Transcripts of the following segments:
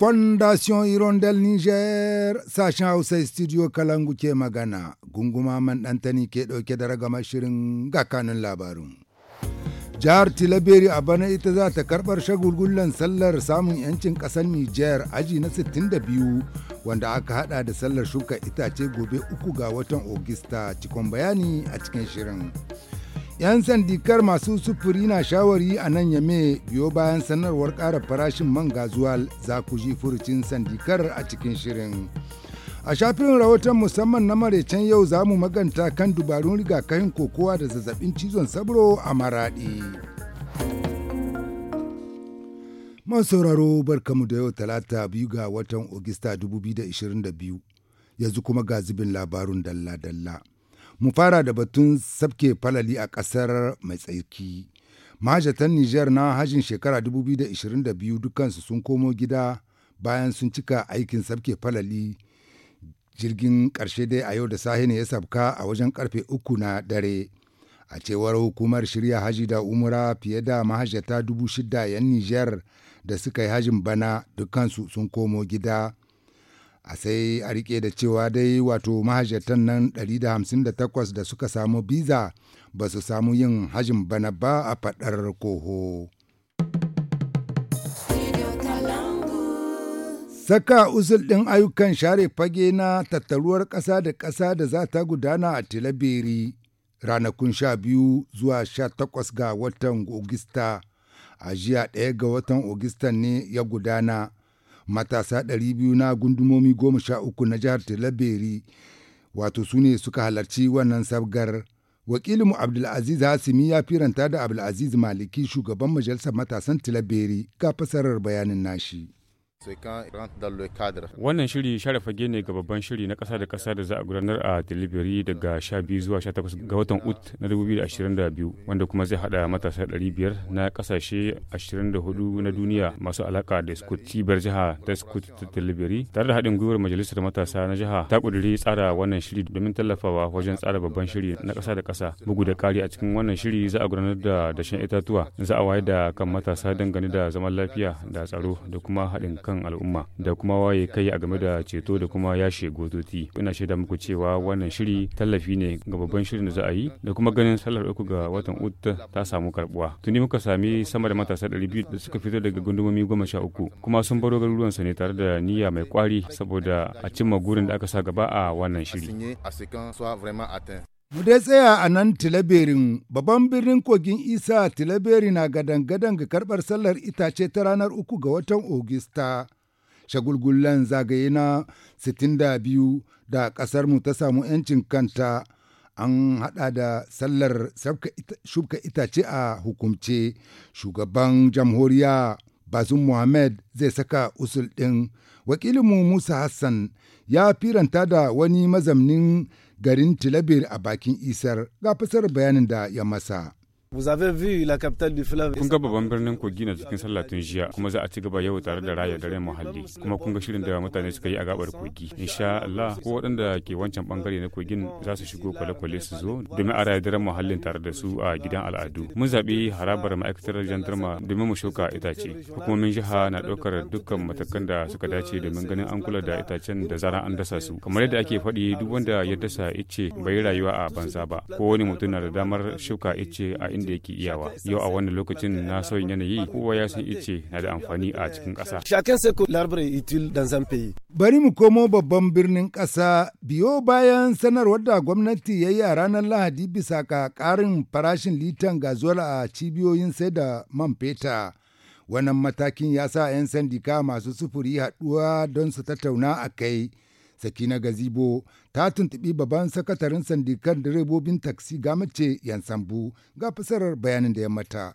Fondation irondel Niger sashen Hausa Studio Kalangu ke magana, gunguma man ɗantani ke ɗauke da ragama shirin ga kanun labarin. jihar tilaberi a bana ita za ta karbar shagulgullen sallar samun yancin kasar nijar aji na 62 wanda aka hada da sallar shuka itace gobe uku ga watan ogista cikon bayani a cikin shirin yan sandikar masu sufuri na shawari a nan yame biyo bayan sanarwar kara farashin man gazuwal za ku ji furucin sandikar a cikin shirin A shafin rahoton musamman na maraicen yau za mu maganta kan dubarun rigakafin kokowa da zazzabin cizon sabro a maraɗi. Man sauraro barkamu da yau talata biyu ga watan Ogista 2022 yanzu kuma ga zubin labarun dalla-dalla. Mu fara da batun sabke falali a ƙasar mai tsarki. Mahajatan Nijar na hajin shekara 2022 dukansu sun komo gida bayan sun cika aikin sabke falali jirgin ƙarshe dai a yau da sahi ne ya sabka a wajen karfe uku na dare a cewar hukumar shirya haji da umura fiye da mahajjata dubu shida yan niger da suka yi hajin bana dukansu sun komo gida a sai a rike da cewa dai wato mahajjatan nan 158 da suka samu biza ba su samu yin hajin bana ba a faɗar koho. Saka usul ɗin ayyukan share fage na tattaruwar ƙasa da ƙasa da za ta gudana a Tilaberi ranakun sha biyu zuwa sha takwas ga watan Ogista. A jiya ɗaya ga watan Ogista ne ya gudana. Matasa ɗari biyu na gundumomi goma sha uku na jihar Tilaberi wato su ne suka halarci wannan sabgar. Wakilinmu Abdulaziz Hasimi ya firanta da Abdulaziz Maliki shugaban majalisar matasan Tilaberi ga fasarar bayanin nashi. Wannan shiri share fage ne ga babban shiri na kasa da kasa da za a gudanar a delivery daga 12 zuwa 18 ga watan Ut na 2022 wanda kuma zai hada matasa 500 na ƙasashe 24 na duniya masu alaka da scott cibiyar jiha ta Skut delivery tare da haɗin gwiwar majalisar matasa na jiha ta ƙudiri tsara wannan shiri domin tallafawa wajen tsara babban shiri na kasa da kasa bugu da ƙari a cikin wannan shiri za a gudanar da dashen itatuwa za a wayar da kan matasa dangane da zaman lafiya da tsaro da kuma haɗin kan al'umma da kuma waye kai a game da ceto da kuma yashe gototi ina shaida muku cewa wannan shiri tallafi ne ga babban shirin da za a yi da kuma ganin sallar uku ga watan ut ta samu karbuwa tuni muka sami sama da matasa biyu da suka fito daga gundumomi goma sha uku kuma sun baro garuruwan sa ne tare da niyya mai kwari saboda a cimma gurin da aka sa gaba a wannan shiri Mu dai tsaya a nan Tilaberin, babban birnin kogin Isa Tilaberi na gadan-gadan ga karɓar sallar itace ta ranar uku ga watan Ogista. Shagulgullan zagaye na 62 da mu ta samu 'yancin kanta. an haɗa da sallar shuka itace a hukumce shugaban jamhuriya bazum muhammad zai saka usul ɗin wakilinmu musa hassan ya firanta da wani mazamnin garin Tilabir a bakin Isar ga fasar bayanin da ya masa. Kun ga babban birnin kogi na cikin sallah tun jiya kuma za a ci gaba yau tare da raya daren muhalli kuma kun ga shirin da mutane suka yi a gabar kogi. Insha Allah ko waɗanda ke wancan bangare na kogin za su shigo kwale-kwale su zo domin a raya daren muhallin tare da su a gidan al'adu. Mun zaɓi harabar ma'aikatar jandarma domin mu shuka itace. Hukumomin jiha na ɗaukar dukkan matakan da suka dace domin ganin an kula da itacen da zara an dasa su. Kamar yadda ake faɗi duk wanda ya dasa ice bai rayuwa a banza ba. Kowane mutum na da damar shuka ice a abin yake iyawa yau a wannan lokacin na sauyin yanayi kowa ya san ice na da amfani a cikin ƙasa bari mu komo babban birnin ƙasa biyo bayan sanarwar da gwamnati ya yi a ranar lahadi bisa ka ƙarin farashin litan gazuwar a cibiyoyin sai da man feta wannan matakin ya sa 'yan sandika masu sufuri haɗuwa don su tattauna a kai na gazibo ta tuntubi babban sakataren sandikan direbobin taksi ga mace yansambu ga fasarar bayanin da ya mata.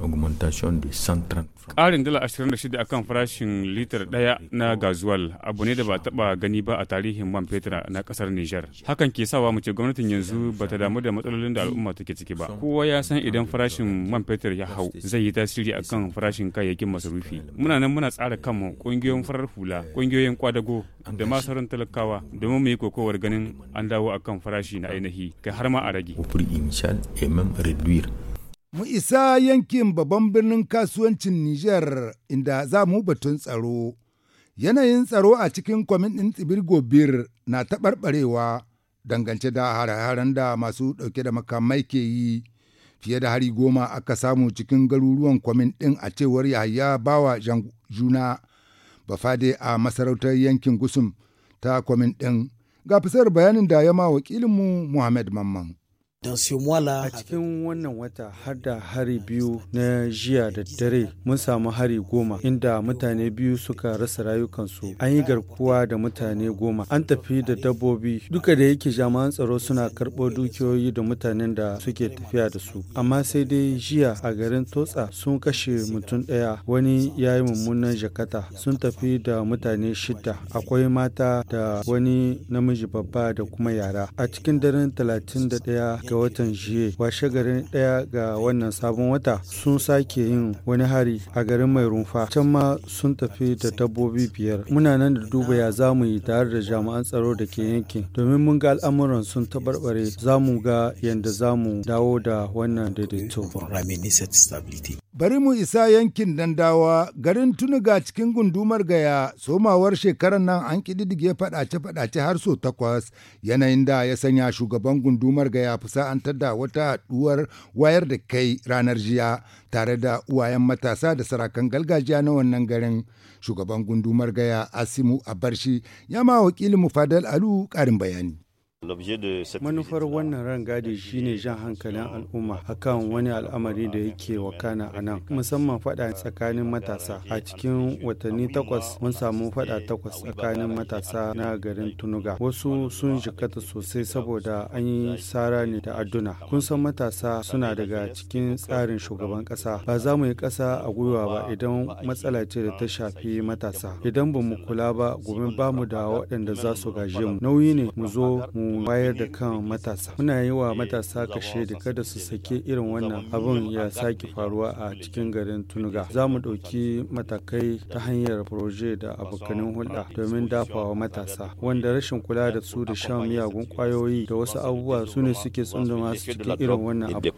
augmentation de 130 Ƙarin dala 26 akan farashin litar daya na gazuwal abu ne da ba taɓa gani ba a tarihin man fetur na ƙasar Nijar. Hakan ke sawa mu ce gwamnatin yanzu ba ta damu da matsalolin da al'umma take ciki ba. Kowa ya san idan farashin man fetur ya hau zai yi tasiri a kan farashin kayayyakin masarufi. Muna nan muna tsara kanmu ƙungiyoyin farar hula, ƙungiyoyin kwadago da ma talakawa domin mu yi kokowar ganin an dawo a kan farashi na ainihi kai har ma a rage. Mu isa yankin babban birnin kasuwancin Nijar inda za mu batun tsaro. Yanayin tsaro a cikin kwamin ɗin tsibir Gobir na taɓarɓarewa dangance da hare-haren da masu ɗauke da makamai ke yi. Fiye da hari goma aka samu cikin garuruwan kwamin ɗin a cewar Yahaya Bawa jan Juna Bafade a masarautar yankin Gusum ta kwamin ɗin. Ga fasar bayanin da ya ma wakilinmu Muhammad Mamman. A cikin wannan wata har da hari biyu na jiya da dare mun samu hari goma inda mutane biyu suka rasa rayukansu an yi garkuwa da mutane goma an tafi da dabbobi duka da yake jami'an tsaro suna karɓo dukiyoyi da mutanen da suke tafiya da su amma sai dai jiya a garin Totsa sun kashe mutum ɗaya wani ya yi mummunan jakata sun tafi da mutane shida akwai mata da wani namiji babba da kuma yara a cikin daren talatin da ɗaya ga watan jiye washe garin daya ga wannan sabon wata sun sake yin wani hari a garin mai rumfa can ma sun tafi da dabbobi biyar. Muna nan da duba ya za mu yi tare da jami'an tsaro da ke yankin domin mun ga al'amuran sun tabarbare za mu ga yadda za mu dawo da wannan daidaito. Bari mu isa yankin dandawa garin tunuga cikin gundumar gaya somawar shekarar nan an ƙididdige faɗace-faɗace har so takwas yanayin da ya sanya shugaban gundumar gaya fusa sa'antar da wata haɗuwar wayar da kai ranar jiya tare da uwayen matasa da sarakan gargajiya na wannan garin shugaban gundumar gaya asimu abarshi ya ma wakilin Fadal alu ƙarin bayani Manufar wannan rangadi shine jan hankalin al'umma akan wani al'amari da yake wakana a nan, musamman fada tsakanin matasa. A cikin watanni takwas mun samu fada takwas tsakanin matasa na garin Tunuga. Wasu sun jikata sosai saboda an yi sara ne da aduna. Kun san matasa suna daga cikin tsarin shugaban kasa. Ba za mu yi kasa a gwiwa ba idan matsala ce da ta shafi matasa. Idan ba mu kula ba, gobe ba mu da waɗanda za su gaje mu. Nauyi ne mu zo mu wayar da kan matasa muna yi wa matasa kashe da kada su sake irin wannan abun ya sake faruwa a cikin garin tunuga za mu ɗauki matakai ta hanyar proje da abokanin hulɗa domin dafawa matasa wanda rashin kula da su da shan miyagun kwayoyi da wasu abubuwa su ne suke tsunduma su cikin irin wannan abu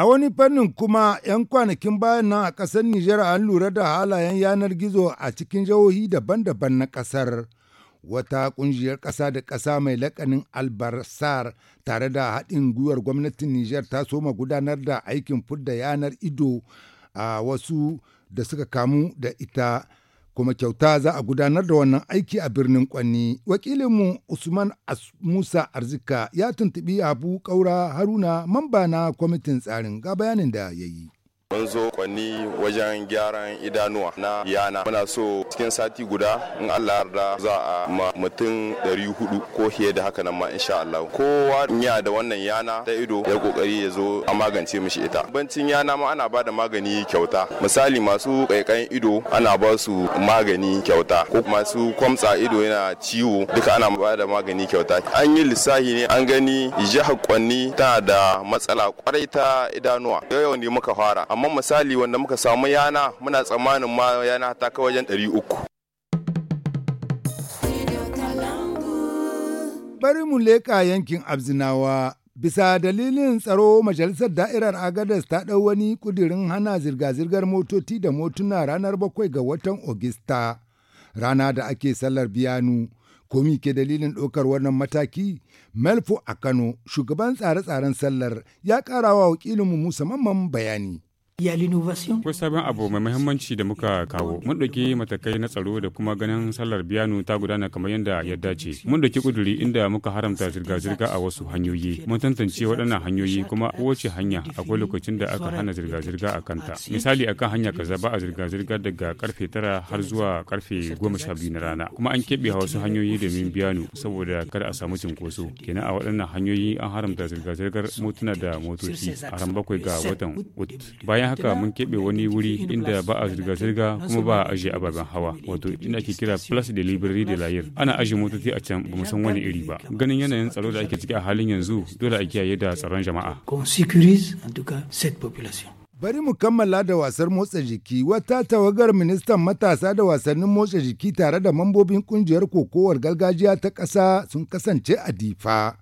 A wani fannin kuma 'yan kwanakin bayan nan a ƙasar Nijar an lura da halayen yanar gizo a cikin jihohi daban-daban na ƙasar. wata kungiyar ƙasa da ƙasa mai lakanin albarsar tare da haɗin gwiwar gwamnatin Nijar ta soma gudanar da aikin fudda yanar ido a wasu da suka kamu da ita kuma kyauta za a gudanar da wannan aiki a birnin Kwanni. Wakilinmu Usman Musa Arzika ya tuntubi Abu Kaura Haruna mamba na kwamitin tsarin ga bayanin da ya yi. mun zo kwanni wajen gyaran idanuwa na yana muna so cikin sati guda in Allah yarda za a ma mutum 400 ko fiye da haka nan ma insha Allah kowa ya da wannan yana ta ido ya kokari ya zo a magance mishi ita bancin yana ma ana ba magani kyauta misali masu kaikayin ido ana ba su magani kyauta ko masu kwamtsa ido yana ciwo duka ana ba da magani kyauta an yi lissahi ne an gani jihar kwanni tana da matsala kwarai ta idanuwa yau ne muka fara amma misali wanda muka samu yana muna tsammanin ma yana ta kai wajen 300 bari mu leƙa yankin abzinawa bisa dalilin tsaro majalisar da'irar agadas ta ɗau wani ƙudirin hana zirga-zirgar motoci da motuna ranar bakwai ga watan ogista rana da ake sallar biyanu komi ke dalilin ɗaukar wannan mataki melfo a kano shugaban tsare-tsaren sallar ya ƙara wa wakilinmu musamman bayani Akwai sabon abu mai muhimmanci da muka kawo. Mun ɗauki matakai na tsaro da kuma ganin sallar biyanu ta gudana kamar yadda ya dace. Mun ɗauki ƙuduri inda muka haramta zirga-zirga a wasu hanyoyi. Mun tantance waɗannan hanyoyi kuma wace hanya akwai lokacin da aka hana zirga-zirga a kanta. Misali akan hanya kaza ba a zirga-zirga daga karfe tara har zuwa karfe goma sha biyu na rana. Kuma an keɓe wasu hanyoyi domin biyanu saboda kada a samu cinkoso. Kenan a waɗannan hanyoyi an haramta zirga-zirgar motuna da motoci a ran bakwai ga watan Ut. Bayan haka mun keɓe wani wuri inda ba a zirga-zirga kuma ba a ajiye ababen hawa wato inda ake kira plus delivery da layir ana ajiye motoci a can bamu san wani iri ba ganin yanayin tsaro da ake ciki a halin yanzu dole a kiyaye da tsaron jama'a Bari mu kammala da wasar motsa jiki wata tawagar ministan matasa da wasannin motsa jiki tare da mambobin kungiyar kokowar gargajiya ta ƙasa sun kasance a difa.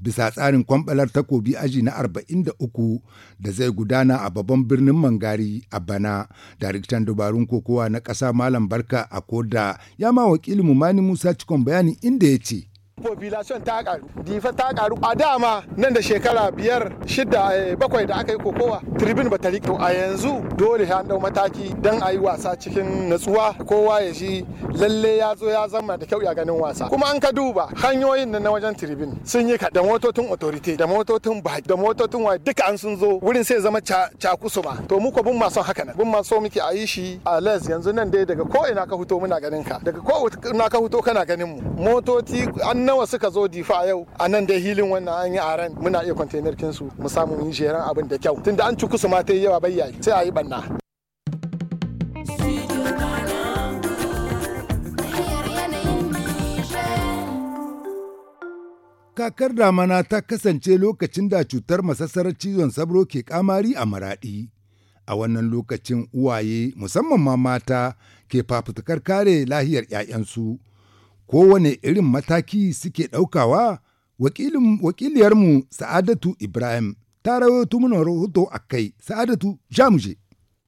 bisa tsarin kwamɓalar takobi aji na 43 da zai gudana a babban birnin mangari a bana daraktan dabarun kokowa na ƙasa malam barka a koda ya ma wakilin mani musa cikon bayanin inda ya ce population ta karu difa ta karu a dama nan da shekara biyar shida eh, bakwai da aka yi kokowa tribun ba ta to a yanzu dole ya dau mataki dan a yi wasa cikin natsuwa kowa ya ji lalle ya zo ya zama da kyau ya ganin wasa kuma an ka duba hanyoyin nan na wajen tribun sun yi ka da motocin authority da motocin ba da motocin wa duka an sun zo wurin sai zama cakusu ba to ko bin masu haka nan bin masu muke a yi shi a les yanzu nan dai daga ko ina ka fito muna ganin ka daga ko ina ka fito kana ganin mu motoci an nawa suka zo difa yau a nan da hilin wannan an yi aran muna iya kwantenar kinsu mu samu yin yi abin da kyau tunda an cuku su ma ta yi yawa bayyayi sai a yi banna kakar damana ta kasance lokacin da cutar masassarar cizon sabro ke kamari a maraɗi. A wannan lokacin uwaye musamman ma mata ke fafutukar kare lahiyar 'ya'yansu kowane irin mataki suke ɗaukawa? Wakiliyarmu Sa'adatu Ibrahim ta rawaito mana rahoto a kai, Sa'adatu, jamuje.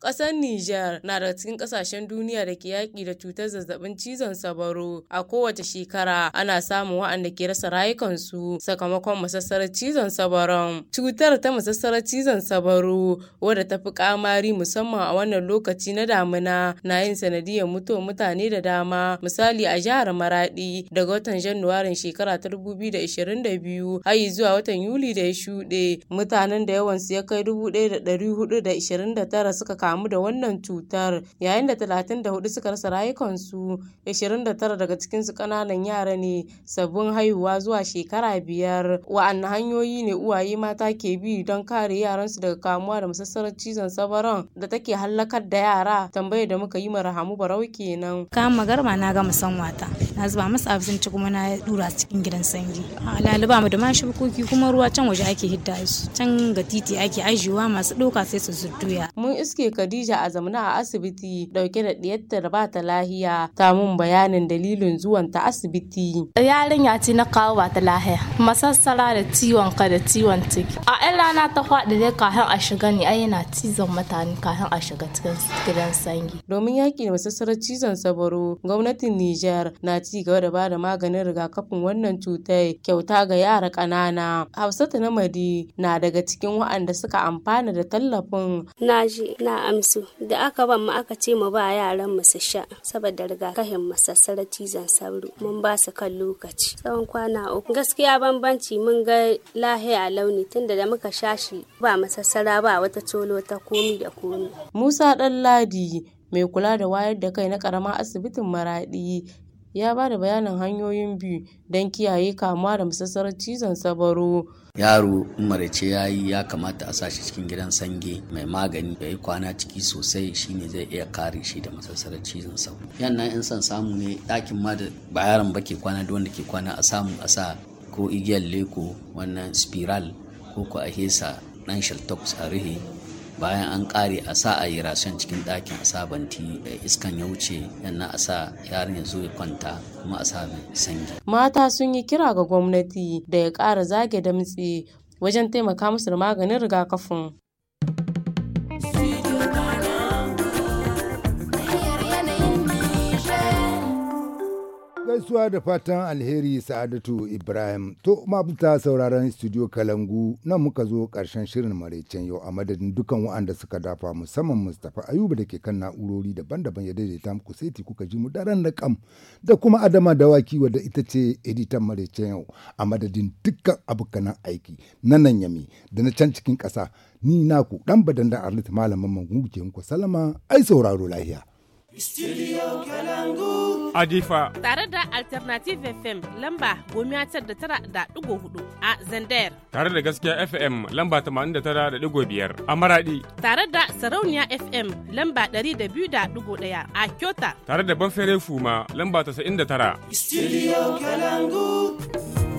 Ƙasar Nijar na da cikin ƙasashen duniya da ke yaƙi da cutar zazzabin cizon sabaro. A kowace shekara ana samun wa'anda ke rasa rayukansu sakamakon masassarar cizon sabaron. Cutar ta masassarar cizon sabaro wadda ta fi ƙamari musamman a wannan lokaci na damina na yin sanadiyar mutuwar mutane da dama. Misali a jihar Maraɗi daga watan Januwarin shekara ta 2022 har zuwa watan Yuli da ya shuɗe mutanen da yawansu ya kai 1,429 suka kama. kamu da wannan cutar yayin da 34 suka rasa rayukansu 29 daga cikinsu kananan yara ne sabbin haihuwa zuwa shekara biyar wa'anne hanyoyi ne uwaye mata ke bi don kare yaransu daga kamuwa da masassarar cizon sabaron da take hallakar da yara tambayar da muka yi ma rahamu barau kenan kama garma na gama san wata na zuba masa abinci kuma na dura cikin gidan sanyi laluba mu da ma shirkoki kuma ruwa can waje ake hidda su can ga titi ake ajiyewa masu ɗauka sai su zudduya mun iske Khadija a zamana a asibiti dauke da ɗiyarta da ba ta lahiya ta mun bayanin dalilin zuwan ta asibiti. Yarinya ce na kawo ba ta lahiya, masassara da ciwon ka da ciwon ciki. A ƴan rana ta faɗi dai kafin a shiga ne ai yana cizon mutane kafin a shiga cikin gidan sanyi. Domin yaƙi da masassarar cizon sabaro, gwamnatin Nijar na ci gaba da ba da maganin rigakafin wannan cutar kyauta ga yara ƙanana. Hafsatu Madi na daga cikin waɗanda suka amfana da tallafin. Na ji na amsu da aka ban mu aka ce mu ba yaran mu su sha saboda rigakafin masassarar cizon sauro mun ba su kan lokaci tsawon kwana uku gaskiya bambanci mun ga lahiya launi tunda da muka sha shi ba masassara ba wata colo ta komi da komi Musa Ladi mai kula da wayar da kai na karama asibitin maraɗi ya ba da bayanin hanyoyin bi don kiyaye kamuwa da masassarar cizon sabaro. yaro marace ya yi ya kamata a sashi cikin gidan sange mai magani ya kwana ciki sosai shine zai iya kare shi da masassarar cizon sabaro yannan in son samu ne dakin ma da ba yaron ba ke kwana da wanda ke kwana a samu a sa ko igiyar leko wannan spiral ko ko a hesa ɗan shaltox a rihe bayan an ƙare a sa a yi rashen cikin ɗakin a sa banti eh, iskan ya wuce yana a sa yaron ya zo ya kwanta kuma a sa sanyi. mata sun yi kira ga gwamnati da ya ƙara zage damtse wajen taimaka musu da maganin rigakafin Gaisuwa da fatan alheri Sa'adatu Ibrahim. To, mabuta sauraron Studio Kalangu nan muka zo karshen shirin maraicen yau a madadin dukan waɗanda suka dafa musamman Mustapha Ayuba da ke kan na'urori daban-daban ya daidaita muku ti kuka ji mu daren da kam da kuma Adama Dawaki wadda ita ce editan maraicen yau a madadin dukkan abokanan aiki na nan yami da na can cikin ƙasa ni naku ɗan badan da Arlit Malamin Mangu ke muku salama ai sauraro lahiya. Studio Kalangu. Adifa. Tare da Alternative FM lamba goma tar da tara da ɗigo hudu a zander. Tare da gaskiya FM lamba tamanin da tara da ɗigo biyar a Maradi. Tare da Sarauniya FM lamba ɗari da biyu da ɗigo ɗaya a Kyota. Tare da Banfere Fuma lamba tasa'in da tara. Studio Kalangu.